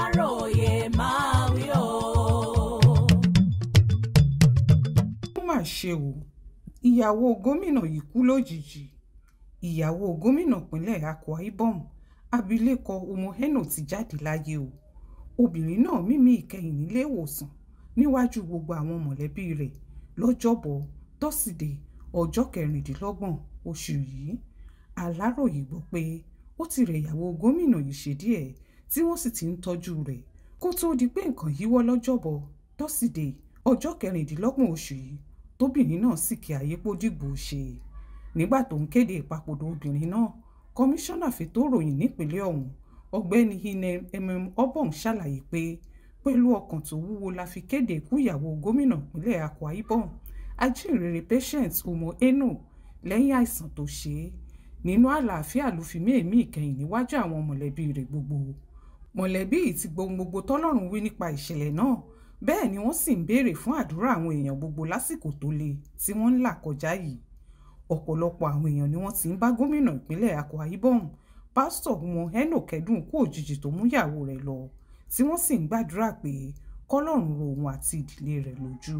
aláròye máa o. ó mà ṣe o ìyàwó gómìnà yìí kú lójijì ìyàwó gómìnà pínlẹ̀ Akwa Ibom abilékọ umuheno ti jáde láyé o obìnrin náà mímí ìkẹyìn nílé ìwòsàn níwájú gbogbo àwọn mọ̀lẹ́bí rẹ̀ lọ́jọ́bọ̀ tọ́sídẹ̀ẹ́ ọjọ́ kẹrìndínlọ́gbọ̀n oṣù yìí aláròye gbọ́ pé ó ti rẹ̀ ìyàwó gómìnà yìí ṣe díẹ̀ tí wọ́n sì ti ń tọ́jú rẹ̀ kó tóó di pé nǹkan yíwọ́ lọ́jọ́bọ̀ tọ́sídẹ̀ẹ́ ọjọ́ kẹrìndínlọ́gbọ̀n oṣù yìí tóbìnrin náà sì kí ayé pó dìgbò ṣe nígbà tó ń kéde ìpapòdà obìnrin náà kọmíṣánná fètò ìròyìn nípìnlẹ̀ ọ̀hún ọ̀gbẹ́ni hinem mm obong ṣàlàyé pé pẹ̀lú ọkàn tó wúwo la fi kéde ikú ìyàwó gómìnà ìpínlẹ̀ akwa ibom ajínrere patient umo eno lẹ́yìn àìsàn tó ṣe é nínú àlàáfíà ló fi mí èémí ìkẹyìn níwájú àwọn mọ̀lẹ́bí rẹ̀ gbogbo mọ̀lẹ́bí yìí ti gbohun gbogbo tọ́lọ́run wí nípa ìṣẹ̀lẹ̀ náà bẹ́ẹ̀ ni wọ́n sì ń béèrè fún àdúrà àwọn èèyàn gbogbo lásìkò tó le tí wọ́n ń là kọjá yìí ọ̀pọ̀lọpọ̀ àwọn èèyàn ni wọ́n ti ń bá gómìnà ìpínlẹ̀ Akwa Ibom pásítọ̀ wọn Enoch kẹ́dùn kú òjijì tó mú ìyàwó rẹ̀ lọ tí wọ́n sì ń gbàdúrà pé kọ́lọ́run ro òun àti ìdílé rẹ̀ lójú